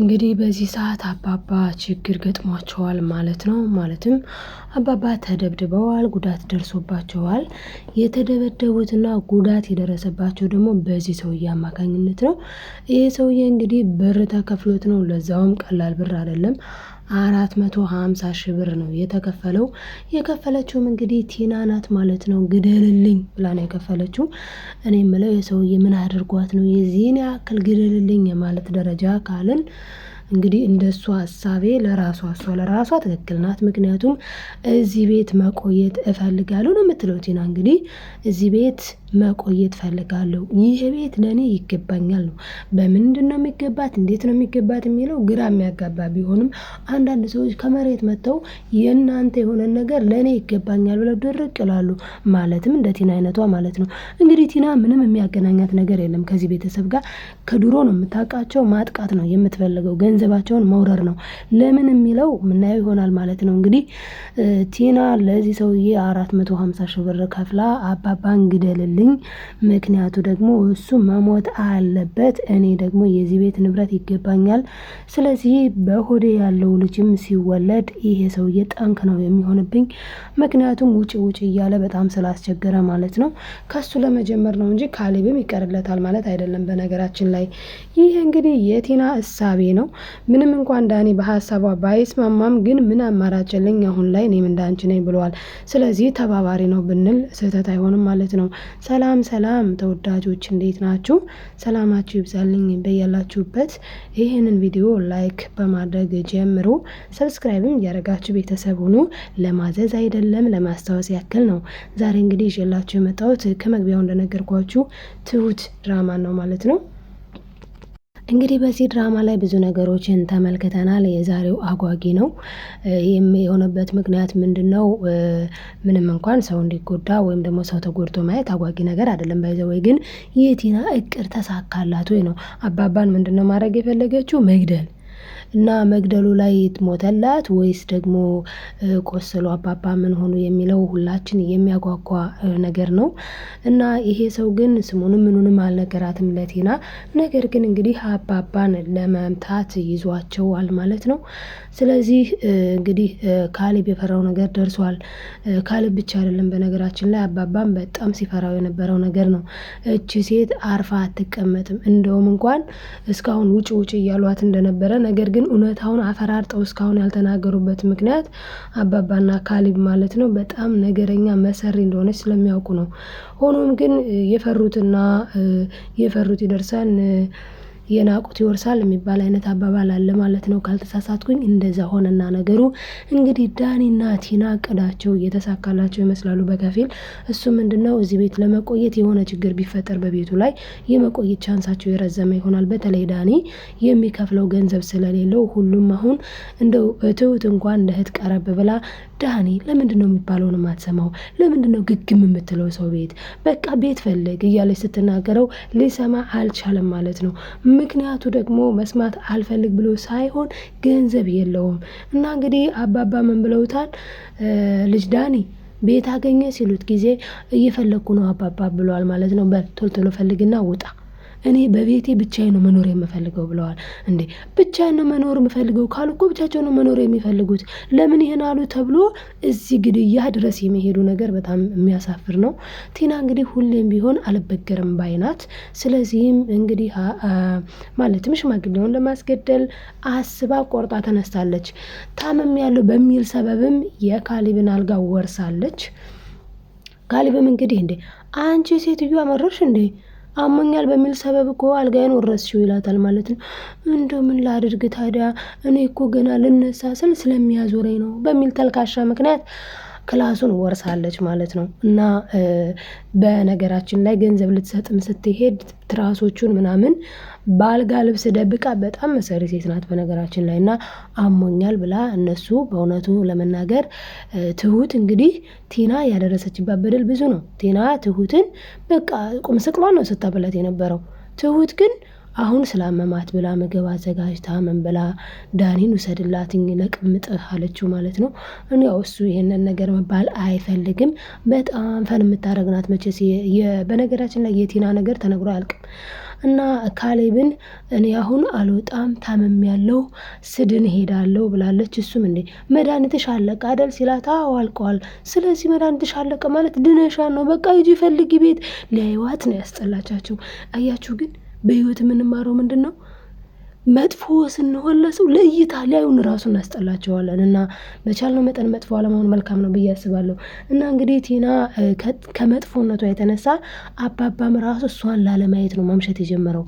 እንግዲህ በዚህ ሰዓት አባባ ችግር ገጥሟቸዋል ማለት ነው። ማለትም አባባ ተደብድበዋል፣ ጉዳት ደርሶባቸዋል። የተደበደቡትና ጉዳት የደረሰባቸው ደግሞ በዚህ ሰውዬ አማካኝነት ነው። ይህ ሰውዬ እንግዲህ ብር ተከፍሎት ነው፣ ለዛውም ቀላል ብር አይደለም። አራት መቶ ሀምሳ ሺህ ብር ነው የተከፈለው። የከፈለችውም እንግዲህ ቲና ናት ማለት ነው። ግደልልኝ ብላ ነው የከፈለችው። እኔ የምለው የሰውዬ ምን አድርጓት ነው የዚህን ያክል ግደልልኝ የማለት ደረጃ ካልን እንግዲህ እንደሷ ሀሳቤ ለራሷ እሷ ለራሷ ትክክል ናት። ምክንያቱም እዚህ ቤት መቆየት እፈልጋለሁ ነው የምትለው ቲና። እንግዲህ እዚህ ቤት መቆየት ፈልጋለሁ። ይህ ቤት ለእኔ ይገባኛል ነው። በምንድን ነው የሚገባት እንዴት ነው የሚገባት የሚለው ግራ የሚያጋባ ቢሆንም አንዳንድ ሰዎች ከመሬት መጥተው የእናንተ የሆነን ነገር ለእኔ ይገባኛል ብለው ድርቅ ይላሉ። ማለትም እንደ ቲና አይነቷ ማለት ነው። እንግዲህ ቲና ምንም የሚያገናኛት ነገር የለም ከዚህ ቤተሰብ ጋር። ከድሮ ነው የምታውቃቸው። ማጥቃት ነው የምትፈልገው፣ ገንዘባቸውን መውረር ነው። ለምን የሚለው ምናየው ይሆናል ማለት ነው። እንግዲህ ቲና ለዚህ ሰውዬ አራት መቶ ሀምሳ ሺህ ብር ከፍላ አባባን ግደልን አለልኝ። ምክንያቱ ደግሞ እሱ መሞት አለበት፣ እኔ ደግሞ የዚህ ቤት ንብረት ይገባኛል። ስለዚህ በሆዴ ያለው ልጅም ሲወለድ ይሄ ሰውዬ ጠንክ ነው የሚሆንብኝ። ምክንያቱም ውጭ ውጭ እያለ በጣም ስላስቸገረ ማለት ነው። ከሱ ለመጀመር ነው እንጂ ካሌብም ይቀርለታል ማለት አይደለም። በነገራችን ላይ ይህ እንግዲህ የቲና እሳቤ ነው። ምንም እንኳን ዳኒ በሀሳቧ ባይስማማም ግን ምን አማራጭልኝ አሁን ላይ እኔም እንዳንቺ ነኝ ብለዋል። ስለዚህ ተባባሪ ነው ብንል ስህተት አይሆንም ማለት ነው። ሰላም ሰላም ተወዳጆች እንዴት ናችሁ? ሰላማችሁ ይብዛልኝ በያላችሁበት። ይህንን ቪዲዮ ላይክ በማድረግ ጀምሮ ሰብስክራይብም እያደረጋችሁ ቤተሰብ ሁኑ። ለማዘዝ አይደለም ለማስታወስ ያክል ነው። ዛሬ እንግዲህ ይዤላችሁ የመጣሁት ከመግቢያው እንደነገርኳችሁ ትሁት ድራማ ነው ማለት ነው። እንግዲህ በዚህ ድራማ ላይ ብዙ ነገሮችን ተመልክተናል። የዛሬው አጓጊ ነው። ይህም የሆነበት ምክንያት ምንድን ነው? ምንም እንኳን ሰው እንዲጎዳ ወይም ደግሞ ሰው ተጎድቶ ማየት አጓጊ ነገር አይደለም። ባይዘወይ ግን የቲና እቅድ ተሳካላት ወይ ነው። አባባን ምንድን ነው ማድረግ የፈለገችው? መግደል እና መግደሉ ላይ ትሞተላት ወይስ ደግሞ ቆሰሉ አባባ ምን ሆኑ የሚለው ሁላችን የሚያጓጓ ነገር ነው እና ይሄ ሰው ግን ስሙንም ምኑንም አልነገራትም ለቴና። ነገር ግን እንግዲህ አባባን ለመምታት ይዟቸዋል ማለት ነው። ስለዚህ እንግዲህ ካሌብ የፈራው ነገር ደርሷል። ካሌብ ብቻ አይደለም፣ በነገራችን ላይ አባባን በጣም ሲፈራው የነበረው ነገር ነው። እቺ ሴት አርፋ አትቀመጥም። እንደውም እንኳን እስካሁን ውጭ ውጭ እያሏት እንደነበረ ነገር ግን ግን እውነታውን አፈራርጠው እስካሁን ያልተናገሩበት ምክንያት አባባና ካሊብ ማለት ነው በጣም ነገረኛ መሰሪ እንደሆነች ስለሚያውቁ ነው። ሆኖም ግን የፈሩትና የፈሩት ይደርሳል የናቁት ይወርሳል የሚባል አይነት አባባል አለ ማለት ነው ካልተሳሳትኩኝ። እንደዛ ሆነና ነገሩ እንግዲህ ዳኒና ቲና እቅዳቸው እየተሳካላቸው ይመስላሉ በከፊል። እሱ ምንድን ነው እዚህ ቤት ለመቆየት የሆነ ችግር ቢፈጠር በቤቱ ላይ የመቆየት ቻንሳቸው የረዘመ ይሆናል። በተለይ ዳኒ የሚከፍለው ገንዘብ ስለሌለው ሁሉም አሁን እንደው ትሁት እንኳን ለእህት ቀረብ ብላ ዳኒ ለምንድን ነው የሚባለውን የማትሰማው? ለምንድን ነው ግግም የምትለው ሰው ቤት? በቃ ቤት ፈልግ እያለች ስትናገረው ሊሰማ አልቻለም ማለት ነው። ምክንያቱ ደግሞ መስማት አልፈልግ ብሎ ሳይሆን ገንዘብ የለውም እና እንግዲህ አባባ ምን ብለውታል ልጅ ዳኒ ቤት አገኘ ሲሉት ጊዜ እየፈለግኩ ነው አባባ ብለዋል ማለት ነው። በል ቶሎ ቶሎ ፈልግና ውጣ እኔ በቤቴ ብቻዬን ነው መኖር የምፈልገው ብለዋል። እንዴ ብቻዬን ነው መኖር የምፈልገው ካሉ እኮ ብቻቸው ነው መኖር የሚፈልጉት። ለምን ይህን አሉ ተብሎ እዚህ ግድያ ድረስ የሚሄዱ ነገር በጣም የሚያሳፍር ነው። ቲና እንግዲህ ሁሌም ቢሆን አልበገርም ባይናት። ስለዚህም እንግዲህ ማለትም ሽማግሌውን ለማስገደል አስባ ቆርጣ ተነስታለች። ታመም ያለው በሚል ሰበብም የካሊብን አልጋ ወርሳለች። ካሊብም እንግዲህ እንዴ አንቺ ሴትዮ አመረርሽ እንዴ አሞኛል በሚል ሰበብ እኮ አልጋዬን ወረስሽው ይላታል ማለት ነው። እንደው ምን ላድርግ ታዲያ እኔ እኮ ገና ልነሳ ስል ስለሚያዞረኝ ነው በሚል ተልካሻ ምክንያት ክላሱን ወርሳለች ማለት ነው። እና በነገራችን ላይ ገንዘብ ልትሰጥም ስትሄድ ትራሶቹን ምናምን በአልጋ ልብስ ደብቃ በጣም መሰሪ ሴት ናት በነገራችን ላይ እና አሞኛል ብላ እነሱ በእውነቱ ለመናገር ትሁት እንግዲህ ቴና ያደረሰችባት በደል ብዙ ነው። ቴና ትሁትን በቃ ቁምስቅሏ ነው ስታበላት የነበረው ትሁት ግን አሁን ስላመማት ብላ ምግብ አዘጋጅታ ምን ብላ ዳኒን ውሰድላትኝ ለቅምጥህ አለችው ማለት ነው። ያው እሱ ይህንን ነገር መባል አይፈልግም። በጣም ፈን የምታደረግናት መቼስ። በነገራችን ላይ የቲና ነገር ተነግሮ አያልቅም እና ካሌብን እኔ አሁን አልወጣም ታመም ያለው ስድን ሄዳለው ብላለች። እሱም እንዴ መድኃኒትሽ አለቀ አደል ሲላታ አዋልቀዋል። ስለዚህ መድኃኒትሽ አለቀ ማለት ድነሻ ነው። በቃ ሂጂ ፈልጊ ቤት ሊያይዋት ነው ያስጠላቻቸው። አያችሁ ግን በህይወት የምንማረው ምንድን ነው? መጥፎ ስንሆን ለሰው ለእይታ ሊያዩን ራሱ እናስጠላቸዋለን። እና በቻልነው መጠን መጥፎ አለመሆን መልካም ነው ብዬ አስባለሁ። እና እንግዲህ ቲና ከመጥፎነቷ የተነሳ አባባም ራሱ እሷን ላለማየት ነው ማምሸት የጀመረው።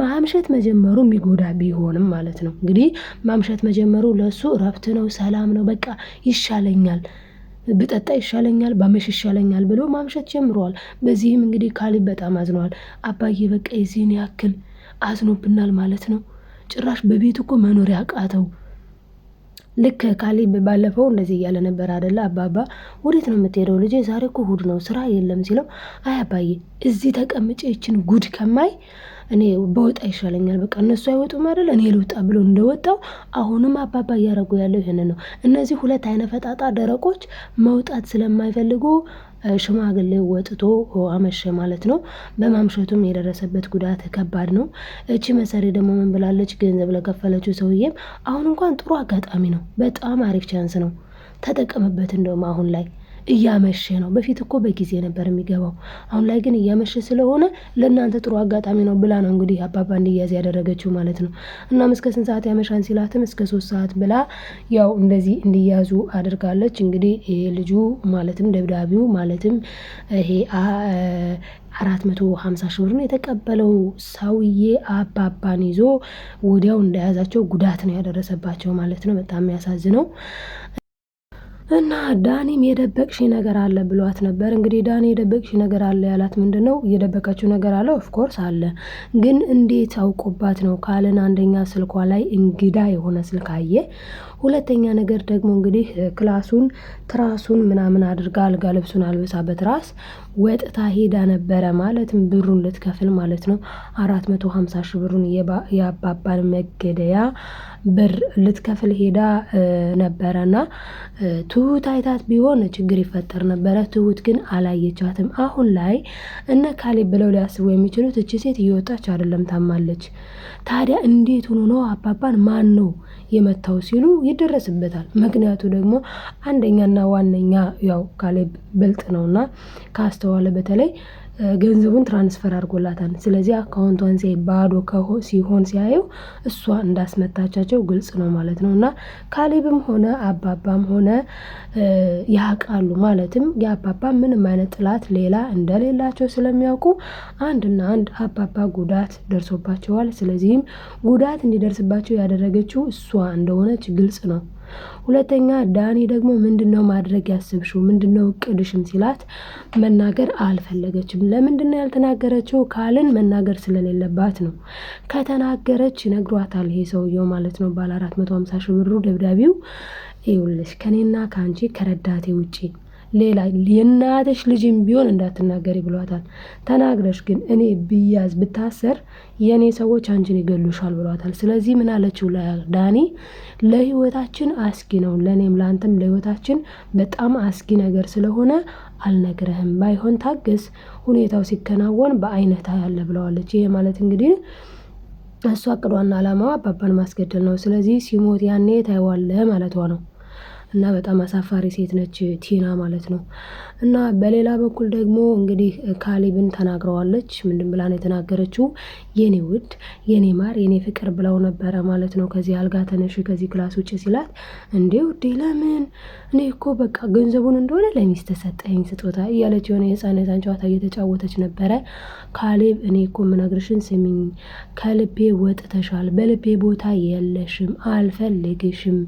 ማምሸት መጀመሩ የሚጎዳ ቢሆንም ማለት ነው እንግዲህ ማምሸት መጀመሩ ለእሱ እረፍት ነው፣ ሰላም ነው፣ በቃ ይሻለኛል ብጠጣ ይሻለኛል፣ ባመሽ ይሻለኛል ብሎ ማምሸት ጀምረዋል። በዚህም እንግዲህ ካሌብ በጣም አዝነዋል። አባዬ በቃ የዚህን ያክል አዝኖብናል ማለት ነው። ጭራሽ በቤት እኮ መኖሪያ ያቃተው ልክ ካሌብ ባለፈው እንደዚህ እያለ ነበር አደለ? አባባ ወዴት ነው የምትሄደው? ልጄ ዛሬ እኮ እሑድ ነው ስራ የለም ሲለው፣ አይ አባዬ እዚህ ተቀምጬ ይችን ጉድ ከማይ እኔ በወጣ ይሻለኛል። በቃ እነሱ አይወጡም አይደል? እኔ ልውጣ ብሎ እንደወጣው አሁንም አባባ እያደረጉ ያለው ይህንን ነው። እነዚህ ሁለት አይነ ፈጣጣ ደረቆች መውጣት ስለማይፈልጉ ሽማግሌ ወጥቶ አመሸ ማለት ነው። በማምሸቱም የደረሰበት ጉዳት ከባድ ነው። እቺ መሰሪ ደግሞ ምን ብላለች? ገንዘብ ለከፈለችው ሰውዬም አሁን እንኳን ጥሩ አጋጣሚ ነው። በጣም አሪፍ ቻንስ ነው፣ ተጠቀምበት። እንደውም አሁን ላይ እያመሸ ነው። በፊት እኮ በጊዜ ነበር የሚገባው። አሁን ላይ ግን እያመሸ ስለሆነ ለእናንተ ጥሩ አጋጣሚ ነው ብላ ነው እንግዲህ አባባ እንዲያዝ ያደረገችው ማለት ነው። እናም እስከ ስንት ሰዓት ያመሻን ሲላትም እስከ ሶስት ሰዓት ብላ ያው እንደዚህ እንዲያዙ አድርጋለች። እንግዲህ ይሄ ልጁ ማለትም ደብዳቢው ማለትም ይሄ አራት መቶ ሀምሳ ሺህ ብር ነው የተቀበለው ሰውዬ አባባን ይዞ ወዲያው እንደያዛቸው ጉዳት ነው ያደረሰባቸው ማለት ነው። በጣም የሚያሳዝነው እና ዳኒም የደበቅሽ ነገር አለ ብሏት ነበር። እንግዲህ ዳኒ የደበቅሽ ነገር አለ ያላት ምንድን ነው? የደበቀችው ነገር አለ ኦፍኮርስ አለ። ግን እንዴት አውቆባት ነው ካልን አንደኛ ስልኳ ላይ እንግዳ የሆነ ስልክ አየ፣ ሁለተኛ ነገር ደግሞ እንግዲህ ክላሱን ትራሱን ምናምን አድርጋ አልጋ ልብሱን አልብሳ በትራስ ወጥታ ሄዳ ነበረ። ማለትም ብሩን ልትከፍል ማለት ነው። አራት መቶ ሀምሳ ሺ ብሩን የአባባን መገደያ ብር ልትከፍል ሄዳ ነበረና ትሁት አይታት ቢሆን ችግር ይፈጠር ነበረ። ትሁት ግን አላየቻትም። አሁን ላይ እነ ካሌ ብለው ሊያስቡ የሚችሉት እቺ ሴት እየወጣች አይደለም፣ ታማለች። ታዲያ እንዴት ሆኖ ነው አባባን ማን ነው የመታው ሲሉ ይደረስበታል። ምክንያቱ ደግሞ አንደኛና ዋነኛ ያው ካሌብ ብልጥ ነውና ካስተዋለ በተለይ ገንዘቡን ትራንስፈር አድርጎላታል። ስለዚህ አካውንቷን ሲያይ ባዶ ሲሆን ሲያየው እሷ እንዳስመታቻቸው ግልጽ ነው ማለት ነው። እና ካሌብም ሆነ አባባም ሆነ ያውቃሉ ማለትም የአባባ ምንም አይነት ጥላት ሌላ እንደሌላቸው ስለሚያውቁ አንድና አንድ አባባ ጉዳት ደርሶባቸዋል። ስለዚህም ጉዳት እንዲደርስባቸው ያደረገችው እሷ እንደሆነች ግልጽ ነው። ሁለተኛ ዳኒ ደግሞ ምንድነው ማድረግ ያስብሽው ምንድነው እቅድሽም ሲላት መናገር አልፈለገችም። ለምንድነው ያልተናገረችው ካልን መናገር ስለሌለባት ነው። ከተናገረች ይነግሯታል ይሄ ሰውየው ማለት ነው ባለ 450 ሺህ ብሩ ደብዳቤው ይውልሽ ከኔና ከአንቺ ከረዳቴ ውጪ ሌላ የእናትሽ ልጅም ቢሆን እንዳትናገሪ ብሏታል። ተናግረሽ ግን እኔ ብያዝ ብታሰር የእኔ ሰዎች አንቺን ይገሉሻል ብሏታል። ስለዚህ ምን አለችው ዳኒ፣ ለህይወታችን አስጊ ነው፣ ለእኔም ለአንተም ለህይወታችን በጣም አስጊ ነገር ስለሆነ አልነግረህም። ባይሆን ታገስ፣ ሁኔታው ሲከናወን በአይነት ያለ ብለዋለች። ይሄ ማለት እንግዲህ እሷ አቅዷና አላማዋ አባባን ማስገደል ነው። ስለዚህ ሲሞት ያኔ ታይዋለ ማለቷ ነው። እና በጣም አሳፋሪ ሴት ነች ቲና ማለት ነው። እና በሌላ በኩል ደግሞ እንግዲህ ካሊብን ተናግረዋለች። ምንድን ብላ ነው የተናገረችው? የኔ ውድ፣ የኔ ማር፣ የኔ ፍቅር ብለው ነበረ ማለት ነው። ከዚህ አልጋ ተነሽ፣ ከዚህ ክላስ ውጭ ሲላት፣ እንዴ ውዴ ለምን? እኔ እኮ በቃ ገንዘቡን እንደሆነ ለሚስት ተሰጠኝ ስጦታ እያለች የሆነ የህፃነታን ጨዋታ እየተጫወተች ነበረ። ካሌብ እኔ እኮ ምነግርሽን ስሚኝ፣ ከልቤ ወጥተሻል፣ በልቤ ቦታ የለሽም፣ አልፈልግሽም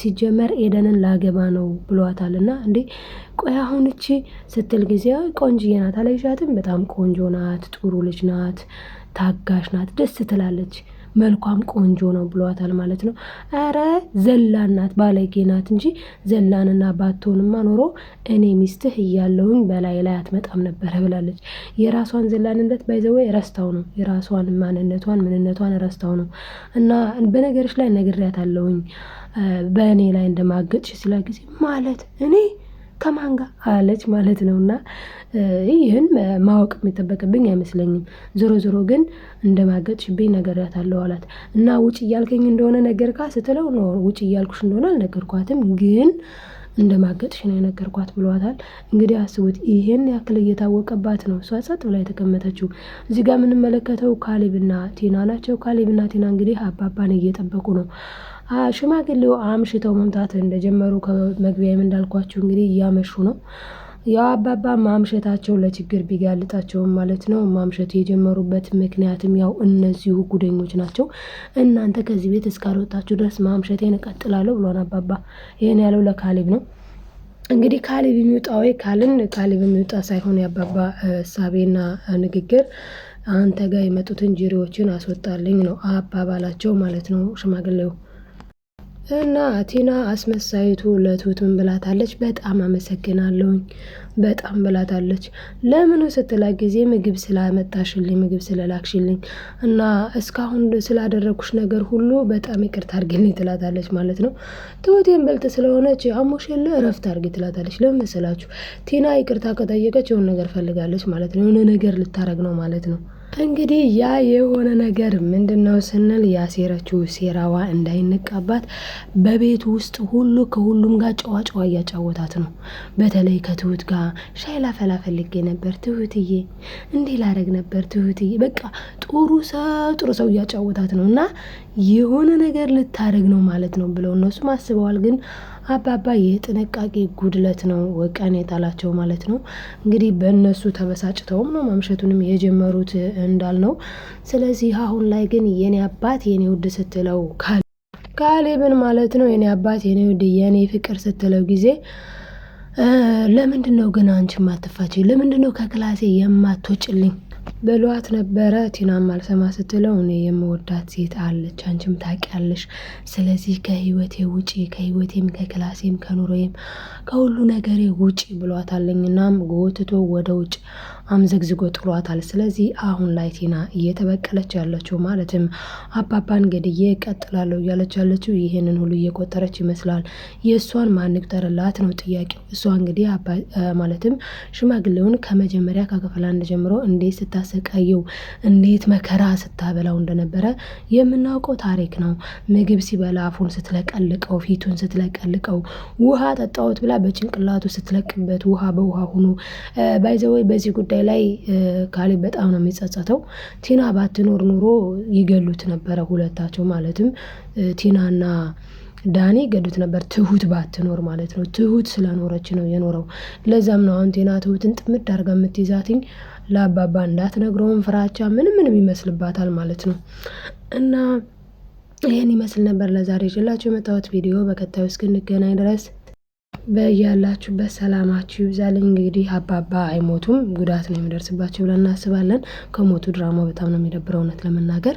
ሲጀመር ኤደንን ላገባ ነው ብሏታል። እና እንዴ ቆይ አሁን እቺ ስትል ጊዜ ቆንጅዬ ናት አላይሻትም? በጣም ቆንጆ ናት፣ ጥሩ ልጅ ናት፣ ታጋሽ ናት፣ ደስ ትላለች። መልኳም ቆንጆ ነው ብሏታል ማለት ነው። ኧረ ዘላናት ባለጌናት እንጂ ዘላንና ባትሆንማ ኖሮ እኔ ሚስትህ እያለሁኝ በላይ ላይ አትመጣም ነበረ ብላለች። የራሷን ዘላንነት ባይዘወ ረስታው ነው የራሷን ማንነቷን ምንነቷን ረስታው ነው እና በነገሮች ላይ አለውኝ በእኔ ላይ እንደማገጥሽ ሲላ ጊዜ ማለት እኔ ከማን ጋር አለች ማለት ነው። እና ይህን ማወቅ የሚጠበቅብኝ አይመስለኝም። ዞሮ ዞሮ ግን እንደማገጥሽብኝ ነግሬያታለሁ አላት እና ውጭ እያልከኝ እንደሆነ ነገርካ ስትለው ነው ውጭ እያልኩሽ እንደሆነ አልነገርኳትም ግን እንደማገጥሽ ነው የነገርኳት ብሏታል። እንግዲህ አስቡት፣ ይሄን ያክል እየታወቀባት ነው እሷ ጸጥ ብላ የተቀመጠችው። እዚህ ጋር የምንመለከተው ካሌብና ቲና ናቸው። ካሌብና ቲና እንግዲህ አባባን እየጠበቁ ነው። ሽማግሌው አምሽተው መምጣት እንደጀመሩ ከመግቢያም እንዳልኳቸው እንግዲህ እያመሹ ነው። ያው አባባ ማምሸታቸው ለችግር ቢጋልጣቸውም ማለት ነው። ማምሸቱ የጀመሩበት ምክንያትም ያው እነዚሁ ጉደኞች ናቸው። እናንተ ከዚህ ቤት እስካልወጣችሁ ድረስ ማምሸቴን እቀጥላለሁ ብሏን አባባ። ይህን ያለው ለካሊብ ነው። እንግዲህ ካሊብ የሚወጣ ወይ ካልን ካሊብ የሚወጣ ሳይሆን የአባባ እሳቤና ንግግር አንተ ጋር የመጡትን ጅሪዎችን አስወጣልኝ ነው አባባላቸው ማለት ነው ሽማግሌው እና አቴና አስመሳይቱ ለትሁት ምን ብላታለች? በጣም አመሰግናለሁኝ በጣም ብላታለች። ለምኑ ስትላ ጊዜ ምግብ ስላመጣሽልኝ ምግብ ስለላክሽልኝ እና እስካሁን ስላደረግኩሽ ነገር ሁሉ በጣም ይቅርታ አድርጊልኝ ትላታለች ማለት ነው። ትሁቴን በልጥ ስለሆነች አሞሽ የለ እረፍት አድርጊ ትላታለች። ለምን መሰላችሁ? ቲና ይቅርታ ከጠየቀች የሆነ ነገር ፈልጋለች ማለት ነው። የሆነ ነገር ልታረግ ነው ማለት ነው። እንግዲህ ያ የሆነ ነገር ምንድን ነው ስንል ያሴረችው ሴራዋ እንዳይነቃባት በቤት ውስጥ ሁሉ ከሁሉም ጋር ጨዋ ጨዋ እያጫወታት ነው። በተለይ ከትሁት ጋር ሻይ ላፈላ ፈልጌ ነበር ትሁትዬ፣ እንዲህ ላረግ ነበር ትሁትዬ። በቃ ጥሩ ሰው ጥሩ ሰው እያጫወታት ነው እና የሆነ ነገር ልታደርግ ነው ማለት ነው ብለው እነሱም አስበዋል ግን አባባ የጥንቃቄ ጉድለት ነው ወቀን የጣላቸው ማለት ነው። እንግዲህ በእነሱ ተበሳጭተውም ነው ማምሸቱንም የጀመሩት እንዳልነው። ስለዚህ አሁን ላይ ግን የኔ አባት የኔ ውድ ስትለው ካሌብን ማለት ነው የኔ አባት የኔ ውድ የኔ ፍቅር ስትለው ጊዜ ለምንድን ነው ግን አንቺ የማትፋችኝ? ለምንድን ነው ከክላሴ የማትወጭልኝ? ብሏት ነበረ። ቲናም አልሰማ ስትለው እኔ የምወዳት ሴት አለች፣ አንቺም ታውቂያለሽ። ስለዚህ ከህይወቴ ውጪ፣ ከህይወቴም፣ ከክላሴም፣ ከኑሮዬም፣ ከሁሉ ነገሬ ውጪ ብሏታለኝ። እናም ጎትቶ ወደ ውጭ አምዘግዝጎ ጥሏታል። ስለዚህ አሁን ላይ ቲና እየተበቀለች ያለችው ማለትም አባባን ገድዬ እቀጥላለሁ እያለች ያለችው ይህንን ሁሉ እየቆጠረች ይመስላል። የእሷን ማን ነው ጥያቄው። እሷ እንግዲህ ማለትም ሽማግሌውን ከመጀመሪያ ከክፍል አንድ ጀምሮ እንዴት ስታሰቃየው እንዴት መከራ ስታበላው እንደነበረ የምናውቀው ታሪክ ነው። ምግብ ሲበላ አፉን ስትለቀልቀው፣ ፊቱን ስትለቀልቀው፣ ውሃ ጠጣሁት ብላ በጭንቅላቱ ስትለቅበት ውሃ በውሃ ሆኖ ባይዘወይ በዚህ ጉዳይ ጉዳይ ላይ ካሌብ በጣም ነው የሚጸጸተው። ቲና ባትኖር ኑሮ ይገሉት ነበረ ሁለታቸው ማለትም ቲናና ዳኒ ገዱት ነበር። ትሁት ባትኖር ማለት ነው። ትሁት ስለኖረች ነው የኖረው። ለዛም ነው አሁን ቴና ትሁትን ጥምድ አርጋ የምትይዛትኝ። ለአባባ እንዳትነግረውን ፍራቻ ምንም ምንም ይመስልባታል ማለት ነው እና ይህን ይመስል ነበር ለዛሬ ይዤላችሁ የመጣሁት ቪዲዮ። በቀጣዩ እስክንገናኝ ድረስ በያላችሁበት ሰላማችሁ ይብዛልኝ። እንግዲህ አባባ አይሞቱም፣ ጉዳት ነው የሚደርስባቸው ብለን እናስባለን። ከሞቱ ድራማ በጣም ነው የሚደብረው እውነት ለመናገር።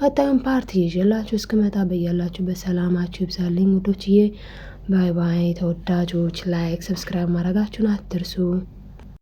ቀጣዩን ፓርቲ ይዤላችሁ እስክመጣ በያላችሁበት ሰላማችሁ ይብዛልኝ ውዶችዬ። ባይ ባይ። ተወዳጆች ላይክ፣ ሰብስክራይብ ማድረጋችሁን አትርሱ።